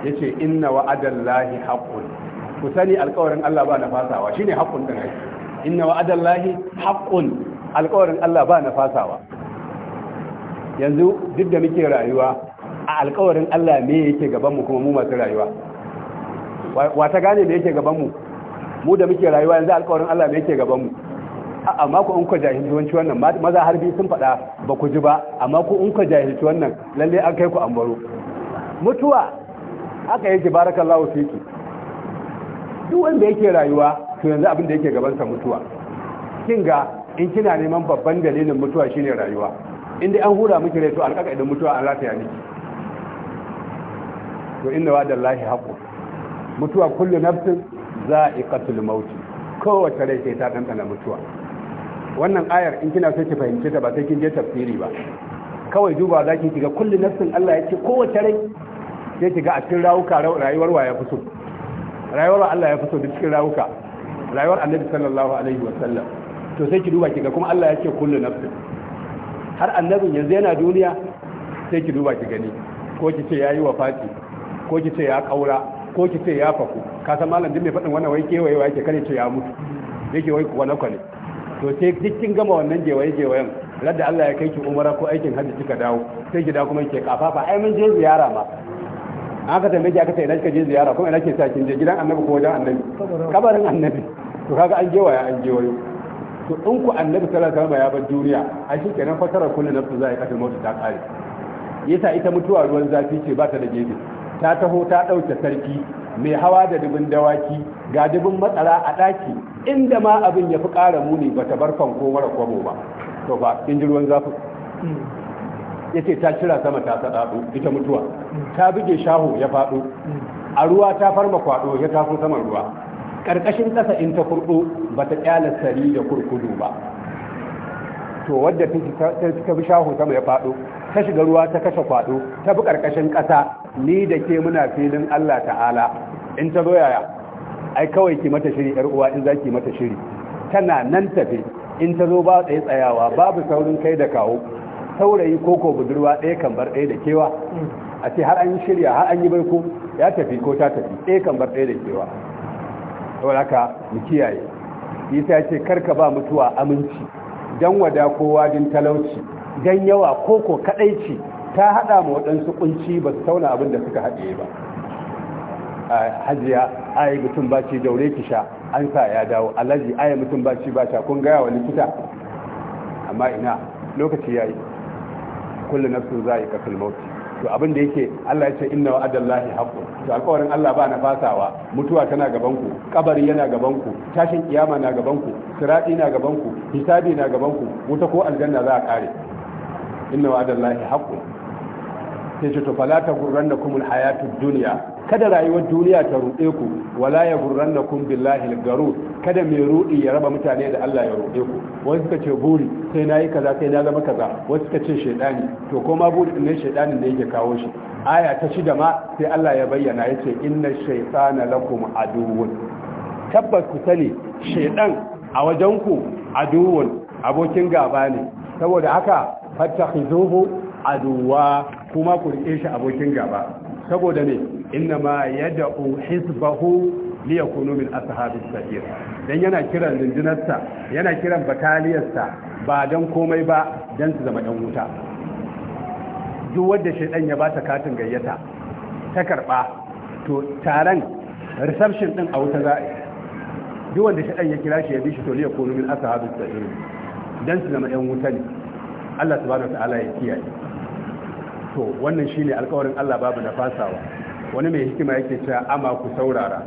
yace inna wa'adallahi haqqun ku sani alƙawarin Allah ba na fasawa shine haqqun din ai inna wa'adallahi haqqun alkawarin Allah ba na fasawa yanzu duk da muke rayuwa a alkawarin Allah me yake mu kuma mu masu rayuwa wata gane ne yake gaban mu Mu da muke rayuwa yanzu alkawarin Allah me yake mu? amma ku in ku jahilci wannan maza har bi sun faɗa ba ku ji ba amma ku in ku jahilci wannan lalle an kai ku an baro mutuwa aka yake barakallahu fiki duk wanda yake rayuwa to yanzu abin da yake gabansa mutuwa kin ga in kina neman babban dalilin mutuwa shine rayuwa inda an hura miki rai to alƙaƙa idan mutuwa an rataya miki to inna wa da mutuwa kullu nafsin za'iqatul maut iqatul mauti kowace rai sai ta ɗanɗana mutuwa wannan ayar in kina so ki fahimce ta ba sai kin je tafsiri ba kawai duba zaki kiga kullu nafsin Allah ya ce kowace rai sai kiga a cikin rawuka rayuwar wa ya fito rayuwar Allah ya fito da cikin rawuka rayuwar Annabi sallallahu alaihi wa sallam to sai ki duba kiga kuma Allah ya ce kullu nafsi har annabin yanzu yana duniya sai ki duba ki gani ko ki ce yayi wafati ko ki ce ya kaura ko ki ce ya faku ka san malam din mai fadin wannan wai kewaye wai ke kare ce ya mutu yake wai wani kwale to sai duk kin gama wannan jewaye jewayen radda Allah ya kai ki umara ko aikin hajji kika dawo sai ki dawo kuma ke kafafa ai mun je ziyara ma an ka tambaye ka aka ce ina kika je ziyara kuma ina ke sa kin je gidan annabi ko wajen annabi kabarin annabi to kaga an je waya an je to ku annabi sallallahu alaihi wasallam ya bar duniya a shi kenan fatara kullu nafsu zai katil mautu ta qari yasa ita mutuwa ruwan zafi ce ba ta da gefe ta taho ta dauke sarki mai hawa da dubin dawaki ga dubin matsala a daki inda ma abin ya fi ƙara muni ba ta bar fanko mara kwabo ba to ba in ji ruwan zafi yace ta cira sama ta sadado ita mutuwa ta buge shaho ya fado a ruwa ta farma kwado ya taso saman ruwa ƙarƙashin ƙasa in ta kurɗo ba ta ƙyala sari da kurkudu ba to wadda ta bi shahu sama ya faɗo ta shiga ruwa ta kashe kwaɗo ta bi ƙarƙashin ƙasa ni da ke muna filin Allah ta'ala in ta zo yaya ai kawai ki mata shiri yar uwa in za ki mata shiri tana nan tafe in ta zo ba tsaye tsayawa babu saurin kai da kawo saurayi ko ko budurwa ɗaya kan bar ɗaya da kewa a ce har an shirya har an yi baiko ya tafi ko ta tafi ɗaya kan bar ɗaya da kewa saboda mu kiyaye isa ce karka ba mutuwa aminci dan wada kowa din talauci dan yawa ko koko kadaici ta hada mu waɗansu kunci ba su tauna abin da suka haɗe ba hajiya ai mutum ba ce daure ki sha an sa ya dawo alaji ai mutum ba ce ba sha kun gaya wa likita amma ina lokaci yayi kullu yi za'iqatul maut to abin da yake Allah ya ce inna wa'adallahi haqqun to alƙawarin Allah ba na fasawa mutuwa tana gaban ku kabari yana gaban ku tashin kiyama na gaban ku sirati na gaban ku hisabi na gaban ku wuta ko aljanna za a kare inna wa'adallahi haqqun sai ce to fala ta gurranna kumul hayatud duniya kada rayuwar duniya ta ruɗe ku wala ya gurranna kum billahi garu kada mai ruɗi ya raba mutane da Allah ya ruɗe ku wasu suka ce buri sai nayi kaza sai na zama kaza wasu suka ce shedani to ko ma buri ne shedanin ne yake kawo shi aya ta shida ma sai Allah ya bayyana yace inna shaytana lakum aduwwun tabbas ku sani shedan a wajen ku aduwwun abokin gaba ne saboda haka fattakhizuhu aduwa kuma ku shi abokin gaba saboda ne inna ma yad'u hisbahu yakunu min ashabis sa'ir dan yana kiran rundunarsa yana kiran bataliyarsa ba dan komai ba dan su zama yan wuta duk wanda shaydan ya bata katin gayyata ta karba to taron reception din a wuta za duk wanda shaydan ya kira shi ya bi shi to yakunu min ashabis sa'ir dan su zama yan wuta ne Allah subhanahu wa ta'ala ya kiyaye to wannan shine alkawarin Allah babu na fasawa wani mai hikima yake cewa ama ku saurara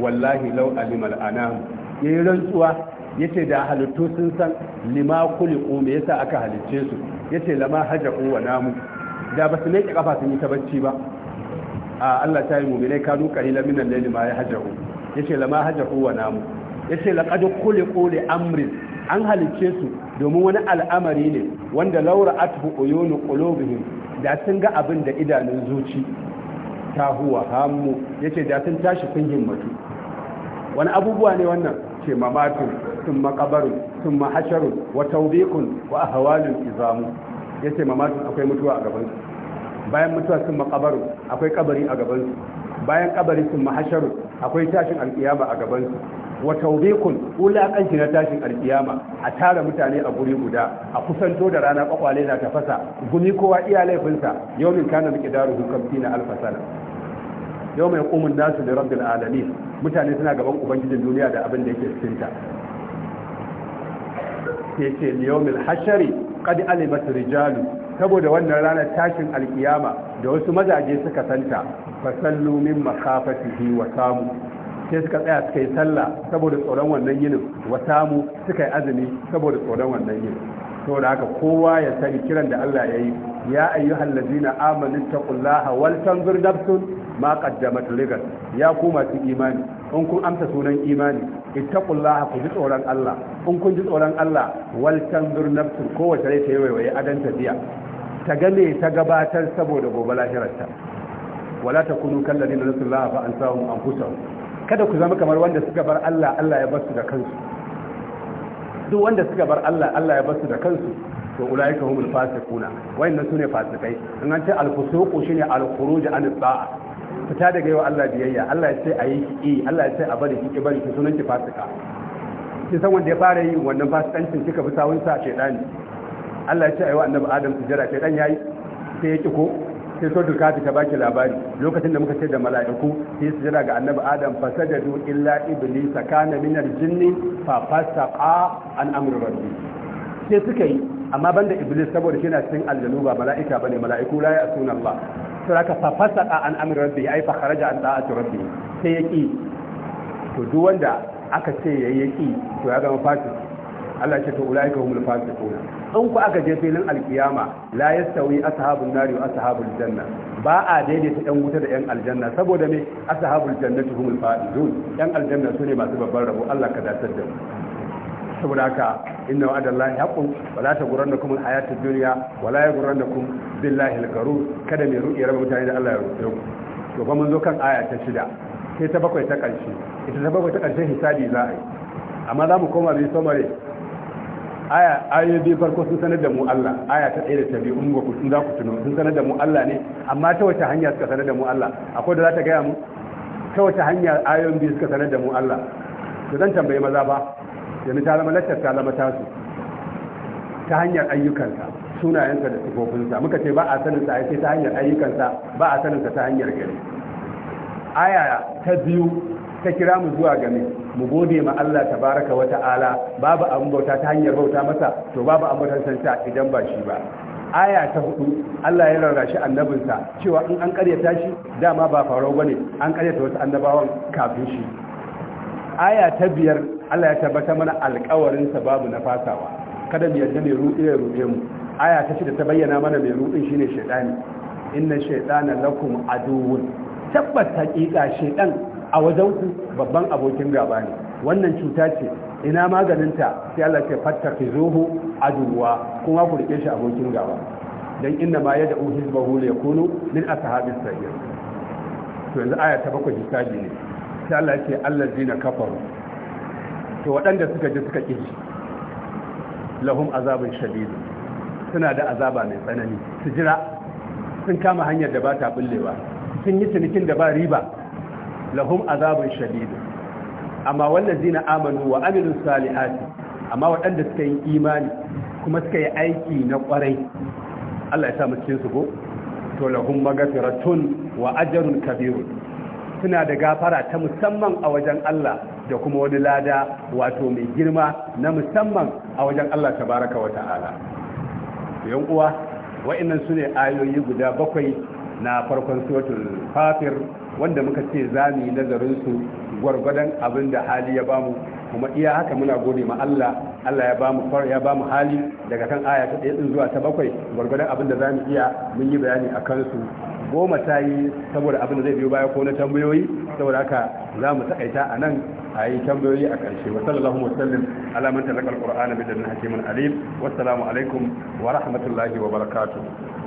wallahi law alimal anam yayi rantsuwa yace da halittu sun san lima kuliqu me yasa aka halicce su yace lama hajaqu wa namu da ba su leke kafa sun yi ta bacci ba a Allah ta yi mu'minai kanu qalilan min al-layli ma yahja'u yace lama hajaqu wa namu yace laqad kuliqu li amrin an halicce su domin wani al'amari ne wanda laura atbu uyunu qulubihim da sun ga abin da idanun zuci ta huwa hammu yace da sun tashi sun himmatu wani abubuwa ne wannan ce mamatun sun makabarun sun mahasharun wa taubikun wa ahawalun izamu yace mamatin akwai mutuwa a gaban bayan mutuwa sun makabarun akwai kabari a gaban bayan kabari sun mahasharun akwai tashin alkiyama a gaban wa taubekun wulaƙanci na tashin alkiyama a tara mutane a guri guda a kusanto da rana kwakwale na tafasa gumi kowa iya laifinsa yau min kana muke daru hukamti na alfasana yau mai kumun nasu da rabbil alamin mutane suna gaban ubangijin duniya da abin da yake cikinta ke ce yawmil hashari qad alimat rijalu saboda wannan ranar tashin alkiyama da wasu mazaje suka santa fasallu min makafatihi wa samu sai suka tsaya suka yi sallah saboda tsoron wannan yinin wa samu suka yi azumi saboda tsoron wannan yinin saboda haka kowa ya sani kiran da Allah ya yi ya ayyuhal ladzina amanu taqullaha wal tanzur nafsun ma qaddamat ligat ya ku masu imani in kun amsa sunan imani ittaqullaha ku ji tsoron Allah in kun ji tsoron Allah wal tanzur nafsun kowace rai ta yi waiwaye adan tafiya ta gane ta gabatar saboda gobe lahirarta wala takunu kallazina nasullaha fa ansahum anfusahum kada ku zama kamar wanda suka bar Allah Allah ya bar su da kansu duk wanda suka bar Allah Allah ya bar su da kansu to ulaika humul fasiquna wayannan sune fasikai in an ce al-fusuqu shine al-khuruj an ta'a fita daga yau Allah biyayya Allah ya ce ayi ki Allah ya ce a bari ki bari ki sunan ki fasika kin san wanda ya fara yi wannan fasikancin kika bi sawun sa shedani Allah ya ce ayi wa annabi Adam sujada shedan yayi sai ya ki ko sai so duka ta baki labari lokacin da muka ce da mala'iku sai su jira ga annabi adam fasajadu illa iblis kana min aljinni jinni fa fasaqa an amri rabbi sai suka yi amma banda iblis saboda shi na cikin aljanu ba mala'ika bane mala'iku la asuna Allah sai aka fa fasaqa an amri rabbi ai fa kharaja an ta'ati rabbi sai yaki to duk wanda aka ce yayi yaki to ya ga fasik Allah ce to ulaika humul fasiqun in ku aka je filin alkiyama la yastawi ashabun nari wa ashabul janna ba a daidaita yan wuta da yan aljanna saboda me ashabul jannati humul faizun yan aljanna sune masu babban rabo Allah ka dace da mu saboda haka inna wa'adallahi haqqun la taghurrannakum alhayatu dunya la yaghurrannakum billahi algarur kada mai ruɗe raba mutane da Allah ya ruɗe ku to ba mun zo kan aya ta shida sai ta bakwai ta ƙarshe ita ta bakwai ta ƙarshe hisabi za a yi amma za mu koma bi somare aya bi farko sun sanar da mu Allah aya ta ɗaya da ta biyu in ku sun za ku tuno sun sanar da mu Allah ne amma ta wace hanya suka sanar da mu Allah akwai da za ta gaya mu ta wace hanya ayon bi suka sanar da mu Allah to zan tambayi maza ba yanzu ta zama talama ta su tasu ta hanyar ayyukansa sunayensa da sifofinsa muka ce ba a sanin sa sai ta hanyar ayyukansa ba a sanin sa ta hanyar gari aya ta biyu ta kira mu zuwa game mu gode ma Allah tabaraka wa ta'ala babu ambauta bauta ta hanyar bauta masa to babu ambauta bauta sansa idan ba shi ba aya ta hudu Allah ya rarrashi annabinsa cewa in an karyata shi dama ba farau bane an karyata wasu annabawan kafin shi aya ta biyar Allah ya tabbata mana alƙawarin sa babu na fasawa kada mu yarda mai ruɗe ya ruɗe mu aya ta shida ta bayyana mana mai ruɗin shine shaytani inna shaytana lakum aduwwun tabbata hakika shaytan a wajen ku babban abokin gaba ne wannan cuta ce ina maganinta sai Allah ce fattakizuhu aduwa kuma ku rike shi abokin gaba dan inna ma yad'u hizbahu yakunu min ashabi sayyid to yanzu aya ta bakwai hisabi ne sai Allah ce allazina kafaru to waɗanda suka ji suka kishi lahum azabun shadid suna da azaba mai tsanani su jira sun kama hanyar da ba ta bullewa sun yi cinikin da ba riba lahum azabun shadid amma wallazina amanu wa amilus salihati amma waɗanda suka yi imani kuma suka yi aiki na kwarai Allah ya sa mutum su go to lahum magfiratun wa ajrun kabir suna da gafara ta musamman a wajen Allah da kuma wani lada wato mai girma na musamman a wajen Allah tabaraka wa ta'ala yan uwa wa'annan sune ayoyi guda bakwai na farkon suratul fafir wanda muka ce za mu yi nazarin su gwargwadon abin da hali ya bamu kuma iya haka muna gode ma Allah Allah ya bamu far ya bamu hali daga kan aya ta 1 zuwa ta 7 gwargwadon abin da za mu iya mun yi bayani akan su goma ta yi saboda abin da zai biyo baya ko na tambayoyi saboda haka za mu takaita a nan a yi tambayoyi a ƙarshe wa sallallahu wa sallim ala na talaqa alqur'ana bi dalil hakimin alim wassalamu alaikum wa rahmatullahi wa barakatuh